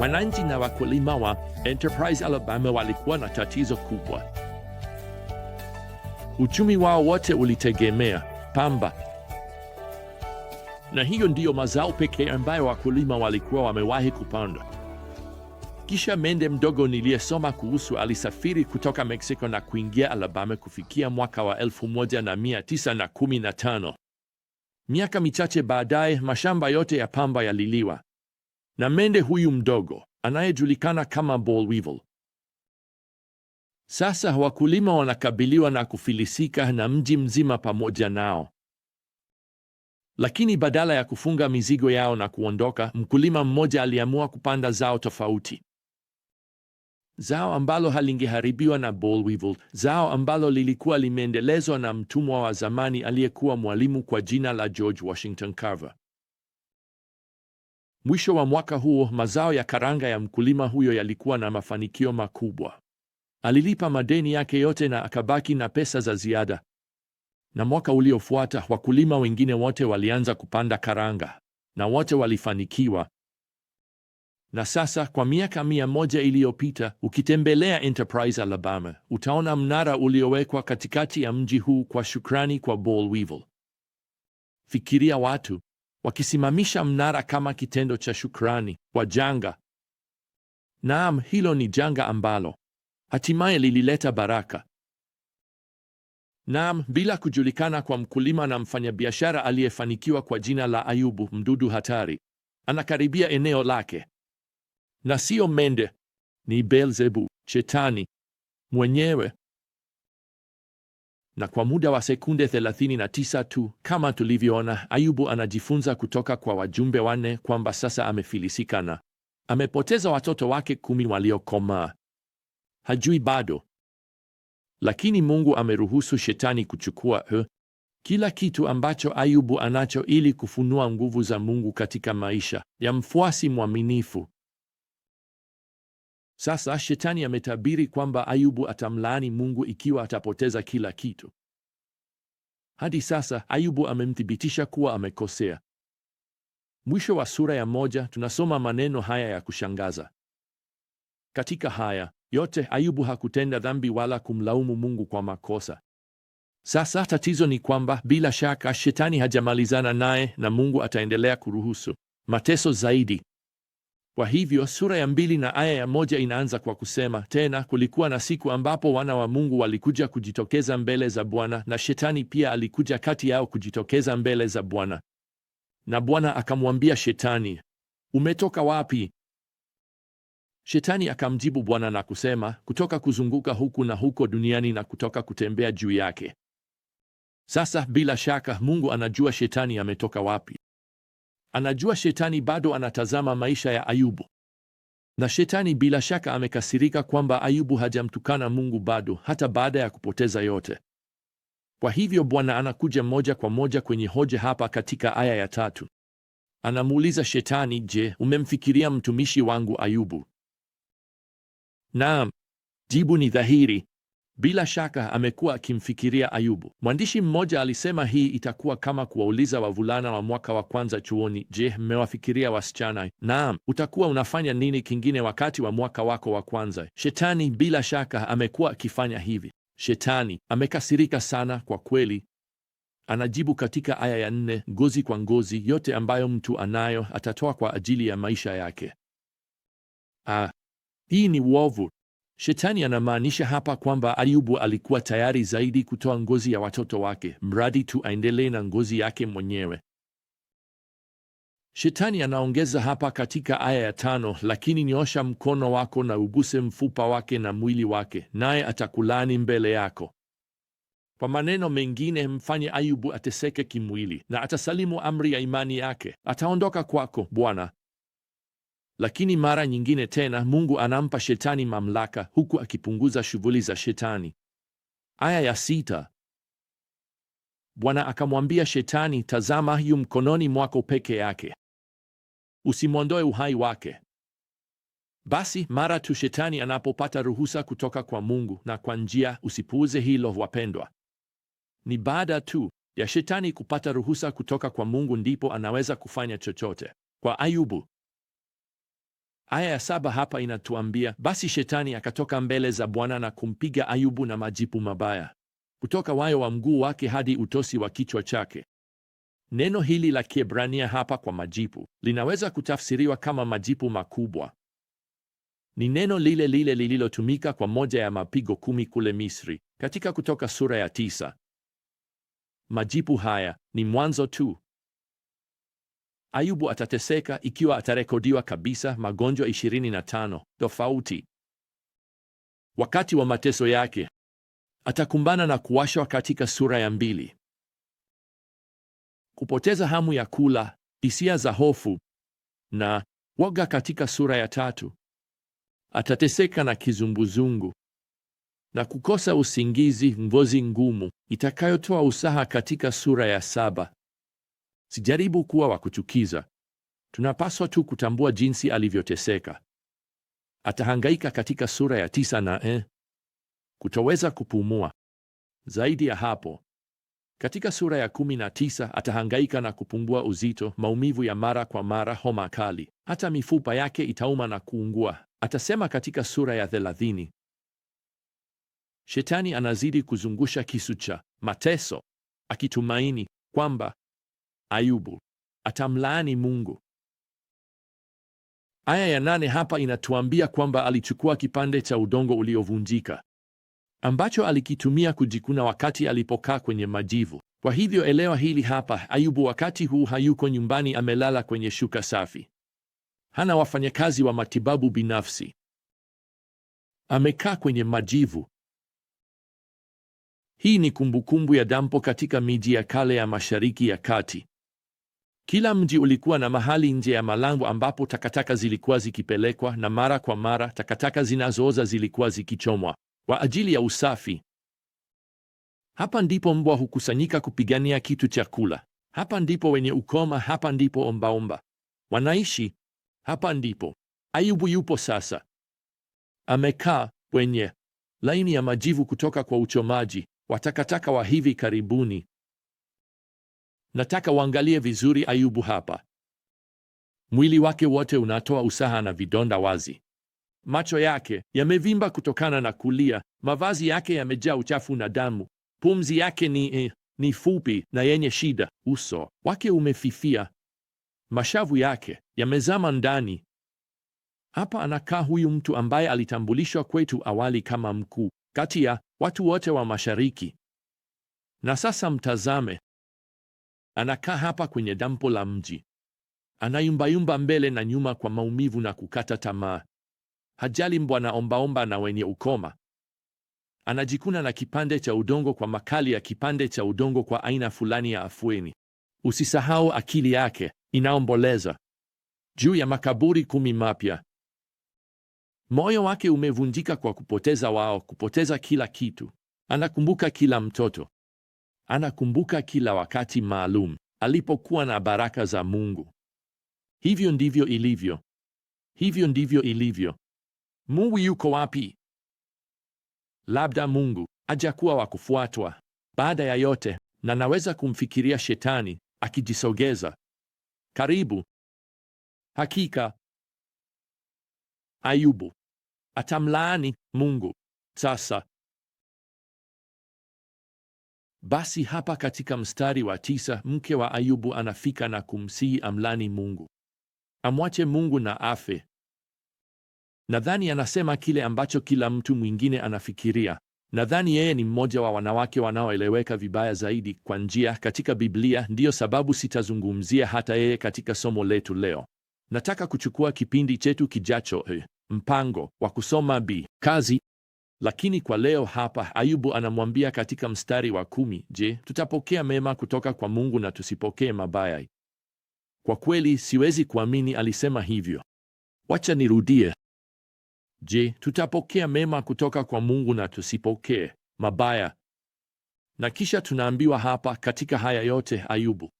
Wananchi na wakulima wa Enterprise, Alabama walikuwa na tatizo kubwa. Uchumi wao wote ulitegemea pamba, na hiyo ndiyo mazao pekee ambayo wakulima walikuwa wamewahi kupanda. Kisha mende mdogo niliyesoma kuhusu alisafiri kutoka Mexico na kuingia Alabama kufikia mwaka wa 1915. Miaka michache baadaye, mashamba yote ya pamba yaliliwa na mende huyu mdogo anayejulikana kama boll weevil. Sasa wakulima wanakabiliwa na kufilisika na mji mzima pamoja nao. Lakini badala ya kufunga mizigo yao na kuondoka, mkulima mmoja aliamua kupanda zao tofauti, zao ambalo halingeharibiwa na boll weevil, zao ambalo lilikuwa limeendelezwa na mtumwa wa zamani aliyekuwa mwalimu kwa jina la George Washington Carver. Mwisho wa mwaka huo, mazao ya karanga ya mkulima huyo yalikuwa na mafanikio makubwa. Alilipa madeni yake yote na akabaki na pesa za ziada. Na mwaka uliofuata, wakulima wengine wote walianza kupanda karanga na wote walifanikiwa. Na sasa kwa miaka mia moja iliyopita, ukitembelea Enterprise, Alabama, utaona mnara uliowekwa katikati ya mji huu kwa shukrani kwa boll weevil. Fikiria watu wakisimamisha mnara kama kitendo cha shukrani kwa janga. Naam, hilo ni janga ambalo hatimaye lilileta baraka. Naam, bila kujulikana kwa mkulima na mfanyabiashara aliyefanikiwa kwa jina la Ayubu, mdudu hatari anakaribia eneo lake, na sio mende, ni Beelzebu, shetani mwenyewe na kwa muda wa sekunde 39 tu, kama tulivyoona, Ayubu anajifunza kutoka kwa wajumbe wanne kwamba sasa amefilisika na amepoteza watoto wake kumi waliokomaa. Hajui bado, lakini Mungu ameruhusu shetani kuchukua he, kila kitu ambacho Ayubu anacho ili kufunua nguvu za Mungu katika maisha ya mfuasi mwaminifu. Sasa shetani ametabiri kwamba Ayubu atamlaani Mungu ikiwa atapoteza kila kitu. Hadi sasa Ayubu amemthibitisha kuwa amekosea. Mwisho wa sura ya moja tunasoma maneno haya ya kushangaza: katika haya yote Ayubu hakutenda dhambi wala kumlaumu Mungu kwa makosa. Sasa tatizo ni kwamba bila shaka shetani hajamalizana naye na Mungu ataendelea kuruhusu mateso zaidi. Kwa hivyo sura ya mbili na aya ya moja inaanza kwa kusema, tena kulikuwa na siku ambapo wana wa Mungu walikuja kujitokeza mbele za Bwana, na shetani pia alikuja kati yao kujitokeza mbele za Bwana. Na Bwana akamwambia shetani, umetoka wapi? Shetani akamjibu Bwana na kusema, kutoka kuzunguka huku na huko duniani na kutoka kutembea juu yake. Sasa bila shaka Mungu anajua shetani ametoka wapi. Anajua shetani bado anatazama maisha ya Ayubu, na shetani bila shaka amekasirika kwamba Ayubu hajamtukana Mungu bado, hata baada ya kupoteza yote. Kwa hivyo Bwana anakuja moja kwa moja kwenye hoja hapa katika aya ya tatu. Anamuuliza shetani, je, umemfikiria mtumishi wangu Ayubu? Naam, jibu ni dhahiri. Bila shaka amekuwa akimfikiria Ayubu. Mwandishi mmoja alisema hii itakuwa kama kuwauliza wavulana wa mwaka wa kwanza chuoni, je, mmewafikiria wasichana? Naam. Utakuwa unafanya nini kingine wakati wa mwaka wako wa kwanza? Shetani bila shaka amekuwa akifanya hivi. Shetani amekasirika sana kwa kweli. Anajibu katika aya ya nne, ngozi kwa ngozi, yote ambayo mtu anayo atatoa kwa ajili ya maisha yake. Ah, hii ni uovu. Shetani anamaanisha hapa kwamba Ayubu alikuwa tayari zaidi kutoa ngozi ya watoto wake mradi tu aendelee na ngozi yake mwenyewe. Shetani anaongeza hapa katika aya ya tano, lakini nyosha mkono wako na uguse mfupa wake na mwili wake, naye atakulani mbele yako. Kwa maneno mengine, mfanye Ayubu ateseke kimwili na atasalimu amri ya imani yake, ataondoka kwako Bwana. Lakini mara nyingine tena Mungu anampa shetani mamlaka huku akipunguza shughuli za shetani. Aya ya sita. Bwana akamwambia Shetani, tazama, yu mkononi mwako peke yake, usimwondoe uhai wake. Basi mara tu shetani anapopata ruhusa kutoka kwa Mungu, na kwa njia, usipuuze hilo wapendwa, ni baada tu ya shetani kupata ruhusa kutoka kwa Mungu ndipo anaweza kufanya chochote. Kwa Ayubu Aya ya saba hapa inatuambia basi shetani akatoka mbele za Bwana na kumpiga Ayubu na majipu mabaya kutoka wayo wa mguu wake hadi utosi wa kichwa chake. Neno hili la Kiebrania hapa kwa majipu linaweza kutafsiriwa kama majipu makubwa. Ni neno lile lile lililotumika kwa moja ya mapigo kumi kule Misri katika Kutoka sura ya tisa. Majipu haya ni mwanzo tu. Ayubu atateseka ikiwa atarekodiwa kabisa magonjwa 25 tofauti wakati wa mateso yake. Atakumbana na kuwashwa katika sura ya mbili, kupoteza hamu ya kula, hisia za hofu na woga katika sura ya tatu. Atateseka na kizunguzungu na kukosa usingizi, ngozi ngumu itakayotoa usaha katika sura ya saba. Sijaribu kuwa wa kuchukiza. Tunapaswa tu kutambua jinsi alivyoteseka. Atahangaika katika sura ya tisa na eh, kutoweza kupumua. Zaidi ya hapo, katika sura ya kumi na tisa atahangaika na kupungua uzito, maumivu ya mara kwa mara, homa kali, hata mifupa yake itauma na kuungua, atasema katika sura ya thelathini. Shetani anazidi kuzungusha kisu cha mateso akitumaini kwamba Ayubu atamlaani Mungu. Aya ya nane hapa inatuambia kwamba alichukua kipande cha udongo uliovunjika ambacho alikitumia kujikuna wakati alipokaa kwenye majivu. Kwa hivyo elewa hili hapa, Ayubu wakati huu hayuko nyumbani, amelala kwenye shuka safi, hana wafanyakazi wa matibabu binafsi, amekaa kwenye majivu. Hii ni kumbukumbu ya dampo katika miji ya kale ya Mashariki ya Kati. Kila mji ulikuwa na mahali nje ya malango ambapo takataka zilikuwa zikipelekwa, na mara kwa mara takataka zinazooza zilikuwa zikichomwa kwa ajili ya usafi. Hapa ndipo mbwa hukusanyika kupigania kitu cha kula. Hapa ndipo wenye ukoma, hapa ndipo ombaomba wanaishi. Hapa ndipo Ayubu yupo sasa, amekaa kwenye laini ya majivu kutoka kwa uchomaji wa takataka wa hivi karibuni. Nataka uangalie vizuri Ayubu hapa. Mwili wake wote unatoa usaha na vidonda wazi. Macho yake yamevimba kutokana na kulia, mavazi yake yamejaa uchafu na damu, pumzi yake ni eh, ni fupi na yenye shida, uso wake umefifia, mashavu yake yamezama ndani. Hapa anakaa huyu mtu ambaye alitambulishwa kwetu awali kama mkuu kati ya watu wote wa Mashariki, na sasa mtazame Anakaa hapa kwenye dampo la mji, anayumbayumba mbele na nyuma kwa maumivu na kukata tamaa. Hajali mbwana ombaomba na wenye ukoma. Anajikuna na kipande cha udongo kwa makali ya kipande cha udongo kwa aina fulani ya afueni. Usisahau, akili yake inaomboleza juu ya makaburi kumi mapya. Moyo wake umevunjika kwa kupoteza wao, kupoteza kila kitu. Anakumbuka kila mtoto Anakumbuka kila wakati maalum alipokuwa na baraka za Mungu. Hivyo ndivyo ilivyo. Hivyo ndivyo ilivyo. Mungu yuko wapi? Labda Mungu ajakuwa wa kufuatwa baada ya yote, na naweza kumfikiria shetani akijisogeza karibu. Hakika Ayubu atamlaani Mungu sasa. Basi hapa katika mstari wa tisa, mke wa Ayubu anafika na kumsihi amlani Mungu, amwache Mungu na afe. Nadhani anasema kile ambacho kila mtu mwingine anafikiria. Nadhani yeye ni mmoja wa wanawake wanaoeleweka vibaya zaidi kwa njia katika Biblia. Ndiyo sababu sitazungumzia hata yeye katika somo letu leo. Nataka kuchukua kipindi chetu kijacho, he, eh, mpango wa kusoma bi kazi lakini kwa leo hapa Ayubu anamwambia katika mstari wa kumi, je, tutapokea mema kutoka kwa Mungu na tusipokee mabaya? Kwa kweli siwezi kuamini alisema hivyo. Wacha nirudie. Je, tutapokea mema kutoka kwa Mungu na tusipokee mabaya? Na kisha tunaambiwa hapa, katika haya yote Ayubu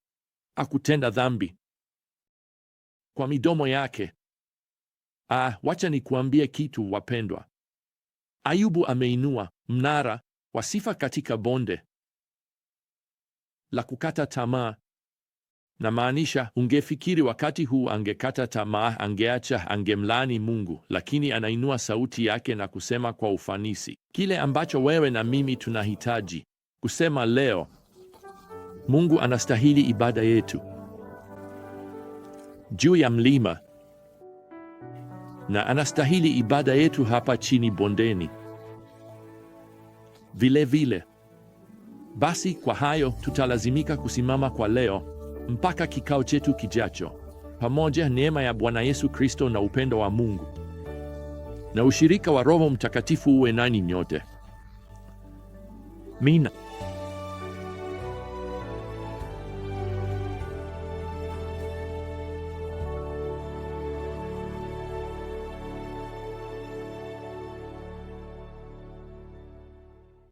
akutenda dhambi kwa midomo yake. Ah, wacha nikuambie kitu wapendwa. Ayubu ameinua mnara wa sifa katika bonde la kukata tamaa. Na maanisha, ungefikiri wakati huu angekata tamaa, angeacha, angemlani Mungu, lakini anainua sauti yake na kusema kwa ufanisi kile ambacho wewe na mimi tunahitaji kusema leo: Mungu anastahili ibada yetu juu ya mlima na anastahili ibada yetu hapa chini bondeni vilevile vile. Basi kwa hayo tutalazimika kusimama kwa leo mpaka kikao chetu kijacho. Pamoja, neema ya Bwana Yesu Kristo na upendo wa Mungu na ushirika wa Roho Mtakatifu uwe nani nyote. Mina